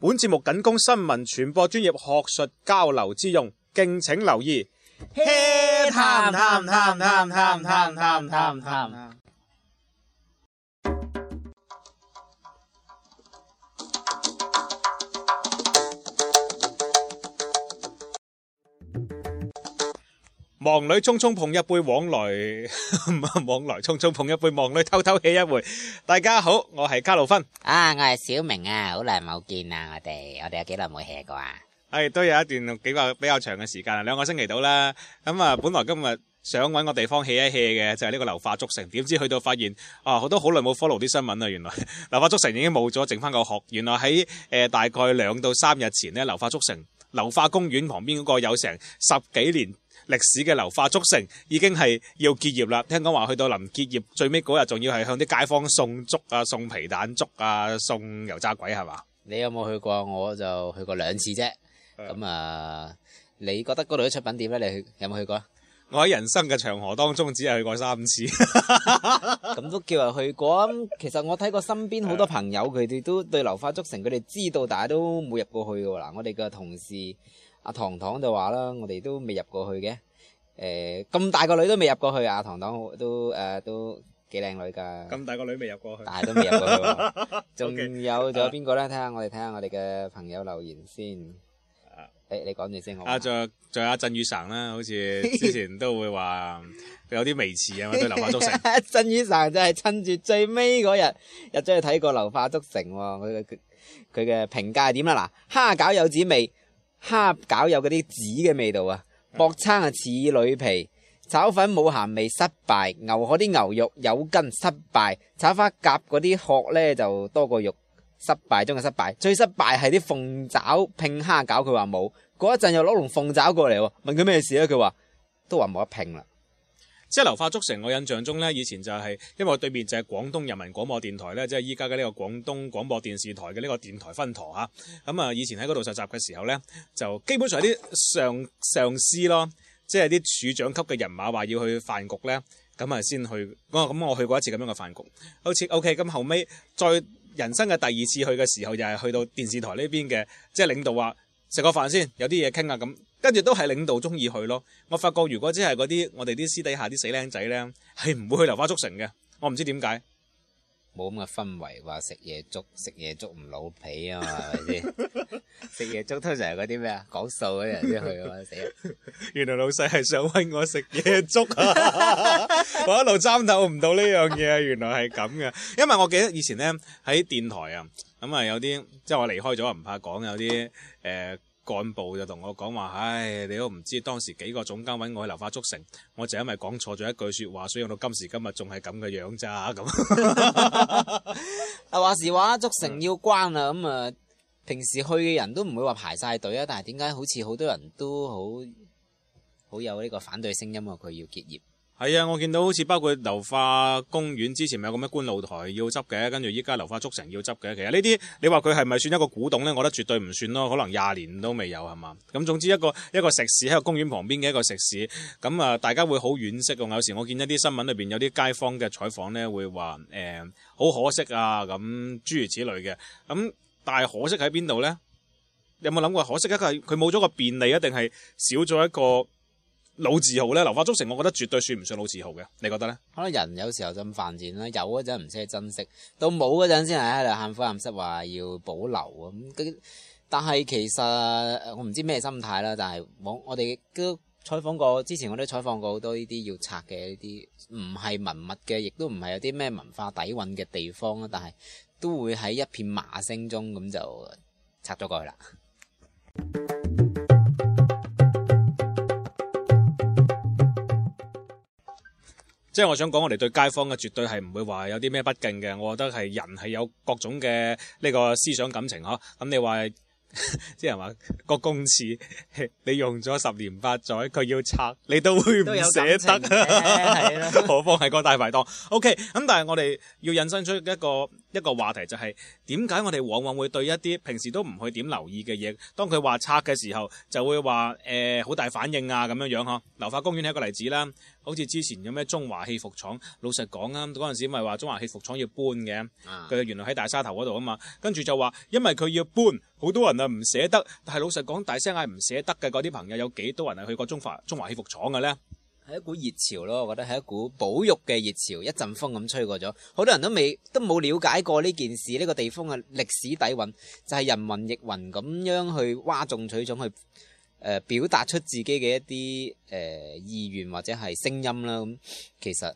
本節目僅供新聞傳播專業學術交流之用，敬請留意。忙裏匆匆碰一杯，往來唔係往來，匆匆碰一杯。忙裏偷偷 hea 一回。大家好，我係卡路芬啊，我係小明啊，好耐冇見啦，我哋我哋有幾耐冇 hea 過啊？係都有一段幾個比較長嘅時間，兩個星期到啦。咁啊，本來今日想搵個地方 hea 一 hea 嘅，就係呢個流化竹城，點知去到發現啊，我都好耐冇 follow 啲新聞啦。原來流化竹城已經冇咗，剩翻個殼。原來喺誒大概兩到三日前咧，流化竹城流化公園旁邊嗰個有成十幾年。歷史嘅流化粥城已經係要結業啦，聽講話去到臨結業最尾嗰日，仲要係向啲街坊送粥啊、送皮蛋粥啊、送油炸鬼係嘛？你有冇去過？我就去過兩次啫。咁啊，你覺得嗰度啲出品點咧？你有冇去過啊？我喺人生嘅長河當中，只係去過三次。咁都叫係去過啊！其實我睇過身邊好多朋友，佢哋都對流化粥城，佢哋知道，但係都冇入過去㗎喎。嗱，我哋嘅同事。阿糖糖就話啦，我哋都未入過去嘅。誒、欸，咁大個女都未入過去啊！糖糖都誒、呃、都幾靚女噶。咁大個女未入過去， 但係都未入過去。仲有仲 有邊個咧？睇下我哋睇下我哋嘅朋友留言先。誒、欸，你講住先。我阿仲有仲有阿振宇成啦，好似之前都會話 有啲微詞啊嘛，對流化粥成。振 宇就成就係趁住最尾嗰日，入咗去睇過流化粥城。佢佢嘅評價係點啦？嗱，蝦餃有子味。蝦餃有嗰啲紙嘅味道啊，薄撐啊似里皮，炒粉冇鹹味失敗，牛河啲牛肉有筋失敗，炒花甲嗰啲殼咧就多過肉失敗，中嘅失敗，最失敗係啲鳳爪拼蝦餃佢話冇，過一陣又攞籠鳳爪過嚟，問佢咩事啊，佢話都話冇得拼啦。即係流化竹城，成我印象中呢，以前就係因為我對面就係廣東人民廣播電台呢，即係依家嘅呢個廣東廣播電視台嘅呢個電台分台吓，咁啊，以前喺嗰度實習嘅時候呢，就基本上係啲上上司咯，即係啲處長級嘅人馬話要去飯局呢。咁啊先去。咁我去過一次咁樣嘅飯局，好似 OK。咁後尾再人生嘅第二次去嘅時候，又係去到電視台呢邊嘅，即係領導話食個飯先，有啲嘢傾啊咁。跟住都係領導中意去咯。我發覺如果真係嗰啲我哋啲私底下啲死僆仔咧，係唔會去流花粥城嘅。我唔知點解冇咁嘅氛圍，話食夜粥食夜粥唔老皮啊嘛，係咪先？食夜 粥通常係嗰啲咩啊講數嗰啲人先去 我啊！死啊！ 原來老細係想揾我食夜粥啊！我一路爭鬥唔到呢樣嘢啊！原來係咁嘅，因為我記得以前咧喺電台啊，咁、嗯、啊有啲即係我離開咗唔怕講有啲誒。呃幹部就同我講話，唉，你都唔知當時幾個總監揾我去流化竹城，我就因為講錯咗一句說話，所以用到今時今日仲係咁嘅樣咋咁。話時話竹城要關啦，咁啊，平時去嘅人都唔會話排晒隊啊，但係點解好似好多人都好好有呢個反對聲音啊？佢要結業。係啊、哎，我見到好似包括流化公園之前咪有個咁嘅觀露台要執嘅，跟住依家流化竹城要執嘅。其實呢啲你話佢係咪算一個古董呢？我覺得絕對唔算咯，可能廿年都未有係嘛。咁總之一個一個食肆，喺個公園旁邊嘅一個食肆。咁啊大家會好惋惜嘅。有時我見一啲新聞裏邊有啲街坊嘅採訪呢，會話誒，好可惜啊，咁諸如此類嘅。咁但係可惜喺邊度呢？有冇諗過可惜一個，佢冇咗個便利，一定係少咗一個？老字號呢，流化中城，我覺得絕對算唔上老字號嘅，你覺得呢？可能人有時候就咁犯賤啦，有嗰陣唔識珍惜，到冇嗰陣先係喺度喊苦喊失話要保留啊！咁，但係其實我唔知咩心態啦，但係我哋都採訪過，之前我都採訪過好多呢啲要拆嘅呢啲唔係文物嘅，亦都唔係有啲咩文化底蘊嘅地方啦，但係都會喺一片罵聲中咁就拆咗過去啦。 即係我想講，我哋對街坊嘅絕對係唔會話有啲咩不敬嘅。我覺得係人係有各種嘅呢個思想感情呵、啊。咁你話，即係人話個公廁 你用咗十年八載，佢要拆，你都會唔捨得。係咯， 何況係個大排檔。OK，咁但係我哋要引申出一個一個話題就係點解我哋往往會對一啲平時都唔去點留意嘅嘢，當佢話拆嘅時候，就會話誒，好大反應啊咁樣樣嗬。流化公園係一個例子啦，好似之前有咩中華戲服廠，老實講啊，嗰陣時咪話中華戲服廠要搬嘅，佢原來喺大沙頭嗰度啊嘛，跟住就話因為佢要搬，好多人啊唔捨得，但係老實講，大聲嗌唔捨得嘅嗰啲朋友有幾多人係去過中華中華戲服廠嘅呢？係一股熱潮咯，我覺得係一股保育嘅熱潮，一陣風咁吹過咗，好多人都未都冇了解過呢件事，呢、這個地方嘅歷史底藴，就係、是、人云亦云咁樣去嘩眾取寵，去、呃、誒表達出自己嘅一啲誒、呃、意願或者係聲音啦。咁其實誒、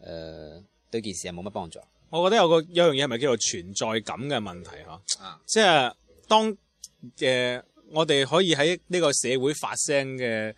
呃、對件事係冇乜幫助。我覺得有一個有樣嘢係咪叫做存在感嘅問題嚇？啊，啊即係當誒、呃、我哋可以喺呢個社會發聲嘅。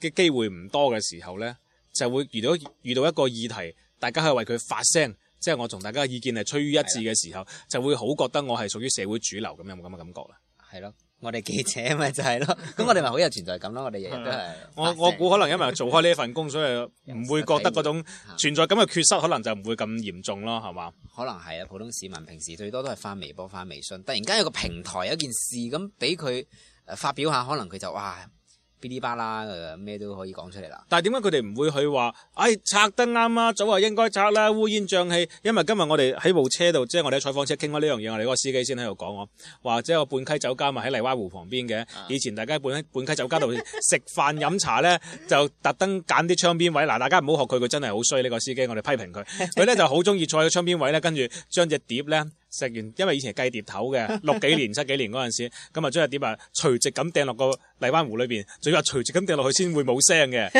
嘅機會唔多嘅時候呢，就會遇到遇到一個議題，大家去為佢發聲。即係我同大家嘅意見係趨於一致嘅時候，的就會好覺得我係屬於社會主流咁，有冇咁嘅感覺啦。係咯，我哋記者咪就係咯，咁我哋咪好有存在感咯。我哋日日都係我、我估可能因為做開呢份工，所以唔會覺得嗰種存在感嘅缺失，可能就唔會咁嚴重咯，係嘛？可能係啊，普通市民平時最多都係發微博、發微信，突然間有個平台有件事咁俾佢誒發表下，可能佢就哇～嗶哩吧啦，誒咩都可以講出嚟啦。但係點解佢哋唔會去話？誒、哎、拆得啱啦，早話應該拆啦，烏煙瘴氣。因為今日我哋喺部車度，即係我哋喺採訪車傾開呢樣嘢，我哋嗰個司機先喺度講我，話即係個半溪酒家咪喺荔灣湖旁邊嘅。以前大家半溪半溪酒家度食飯 飲茶咧，就特登揀啲窗邊位。嗱，大家唔好學佢，佢真係好衰呢個司機，我哋批評佢。佢咧就好中意坐喺窗邊位咧，跟住將隻碟咧。食完，因為以前係計碟頭嘅，六幾年、七幾年嗰陣時，咁啊將隻碟啊垂直咁掟落個荔灣湖裏邊，仲要話垂直咁掟落去先會冇聲嘅。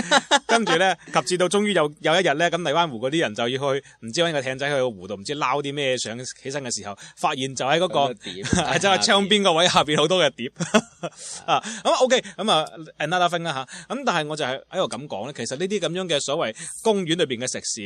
跟住咧，及至到終於有有一日咧，咁荔灣湖嗰啲人就要去，唔知揾個艇仔去個湖度，唔知撈啲咩嘢上起身嘅時候，發現就喺嗰個即係窗邊個位下邊好多嘅碟啊。咁 OK，咁啊 another thing 啦吓，咁但係我就係喺度咁講咧，其實呢啲咁樣嘅所謂公園裏邊嘅食肆，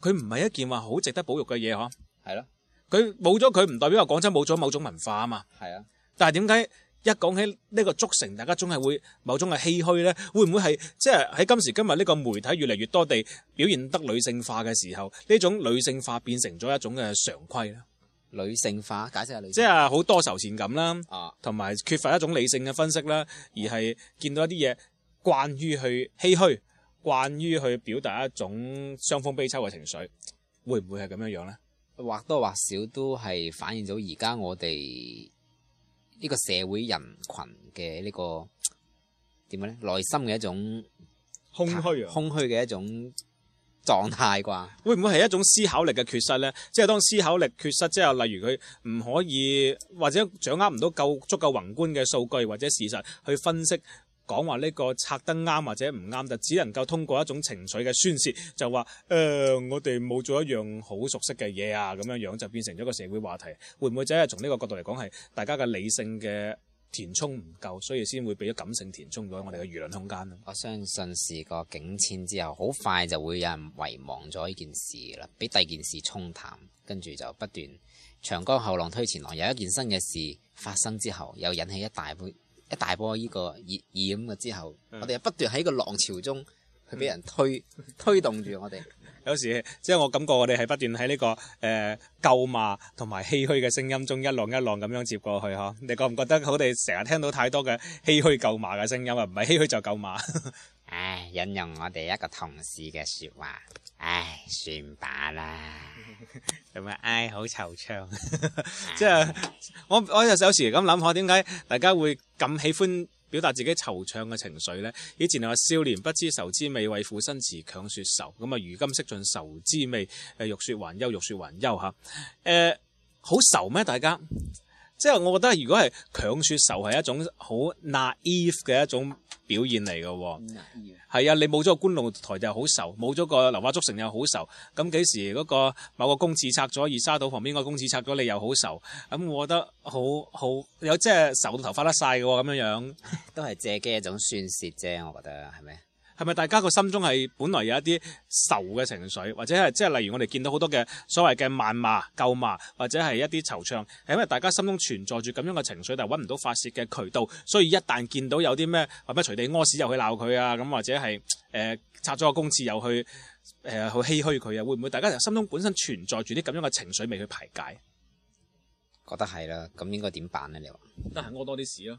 佢唔係一件話好值得保育嘅嘢，嗬，係咯。佢冇咗，佢唔代表話廣州冇咗某種文化啊嘛。係啊的，但係點解一講起呢個足城，大家總係會某種嘅唏噓呢？會唔會係即係喺今時今日呢個媒體越嚟越多地表現得女性化嘅時候，呢種女性化變成咗一種嘅常規呢？女性化解釋下女性化，性即係好多愁善感啦，同埋、啊、缺乏一種理性嘅分析啦，而係見到一啲嘢慣於去唏噓，慣於去表達一種傷春悲秋嘅情緒，會唔會係咁樣樣呢？或多或少都係反映咗而家我哋呢個社會人群嘅、這個、呢個點樣咧？內心嘅一種空虛啊，空虛嘅一種狀態啩？會唔會係一種思考力嘅缺失咧？即係當思考力缺失之後，之係例如佢唔可以或者掌握唔到夠足夠宏觀嘅數據或者事實去分析。講話呢個拆得啱或者唔啱，就只能夠通過一種情緒嘅宣泄，就話誒、呃，我哋冇做一樣好熟悉嘅嘢啊，咁樣樣就變成咗個社會話題。會唔會真係從呢個角度嚟講，係大家嘅理性嘅填充唔夠，所以先會俾咗感性填充咗我哋嘅輿論空間？我相信事過境遷之後，好快就會有人遺忘咗呢件事啦，俾第二件事沖淡，跟住就不斷長江後浪推前浪，有一件新嘅事發生之後，又引起一大波。一大波呢、這個熱演嘅之後，嗯、我哋又不斷喺個浪潮中去俾人推、嗯、推動住我哋。 有時即係、就是、我感覺我哋喺不斷喺呢個誒咒罵同埋唏噓嘅聲音中一浪一浪咁樣接過去呵。你覺唔覺得我哋成日聽到太多嘅唏噓咒罵嘅聲音啊？唔係唏噓就咒罵。 唉，引用我哋一個同事嘅說話，唉，算罷啦。咁啊，唉，好惆悵。 即係我我有有時咁諗下，點解大家會咁喜歡表達自己惆悵嘅情緒呢？以前話少年不知愁滋味，為賦新詞強說愁。咁啊，如今識盡愁滋味，唉，欲說還休，欲說還休。吓、呃，誒，好愁咩？大家？即係我覺得，如果係強説愁係一種好 naive 嘅一種表現嚟嘅喎，係啊， 你冇咗個官路台就好愁，冇咗個流花竹城又好愁，咁幾時嗰個某個公廁拆咗，二沙島旁邊個公廁拆咗，你又好愁，咁我覺得好好有即係愁到頭髮甩晒嘅喎，咁樣樣 都係借機一種宣泄啫，我覺得係咪？係咪大家個心中係本來有一啲仇嘅情緒，或者係即係例如我哋見到好多嘅所謂嘅謾罵、夠罵，或者係一啲惆悵，係因為大家心中存在住咁樣嘅情緒，但係揾唔到發泄嘅渠道，所以一旦見到有啲咩，或咩隨地屙屎又去鬧佢啊，咁或者係誒拆咗個公廁又去誒好、呃、唏噓佢啊，會唔會大家心中本身存在住啲咁樣嘅情緒未去排解？覺得係啦，咁應該點辦咧？你話得閒屙多啲屎咯。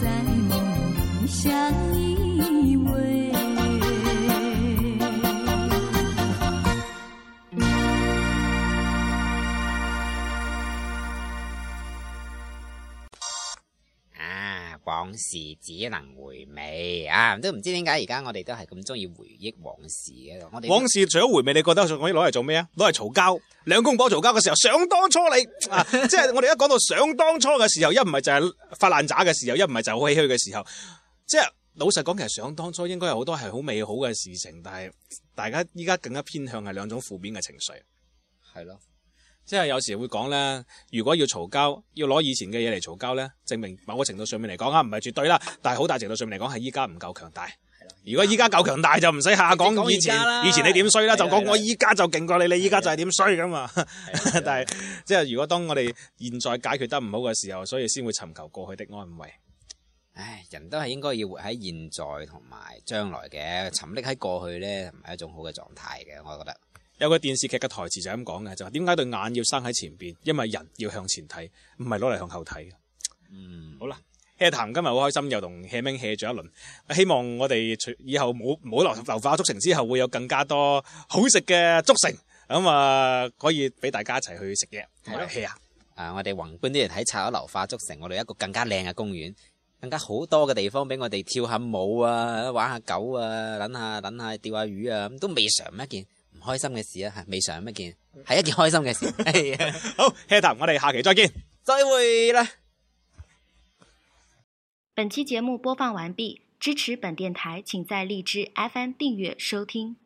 在夢裏相依偎。時只能回味啊，都唔知點解而家我哋都係咁中意回憶往事嘅。我哋往事除咗回味，你覺得可以攞嚟做咩啊？攞嚟嘈交，兩公婆嘈交嘅時候，想當初你、 啊、即係我哋一講到想當初嘅時候，一唔係就係發爛渣嘅時候，一唔係就係好唏噓嘅時候。即係老實講，其實想當初應該有好多係好美好嘅事情，但係大家依家更加偏向係兩種負面嘅情緒，係咯。即係有時會講咧，如果要嘈交，要攞以前嘅嘢嚟嘈交咧，證明某個程度上面嚟講啊，唔係絕對啦，但係好大程度上面嚟講係依家唔夠強大。大如果依家夠強大就唔使下講以，以前，以前你點衰啦？就講我依家就勁過你，你依家就係點衰咁嘛。 但係即係如果當我哋現在解決得唔好嘅時候，所以先會尋求過去的安慰。唉，人都係應該要活喺現在同埋將來嘅，沉溺喺過去咧唔係一種好嘅狀態嘅，我覺得。有個電視劇嘅台詞就係咁講嘅，就話點解對眼要生喺前邊？因為人要向前睇，唔係攞嚟向後睇。嗯，好啦 h e 今日好開心，又同 hea 咗一輪。希望我哋以後冇冇留留化竹城之後，會有更加多好食嘅竹城咁啊，可以俾大家一齊去食嘢的。我哋 h e 啊，我哋宏觀啲人睇拆咗流化竹城，我哋一個更加靚嘅公園，更加好多嘅地方俾我哋跳下舞啊，玩下狗啊，撚下撚下，釣下魚啊，咁都未嘗一見。唔開心嘅事啊，吓未想乜件，係一件開心嘅事。 好，HEA 談， 我哋下期再見，再會啦。本期節目播放完畢，支持本電台，請在荔枝 FM 訂閱收聽。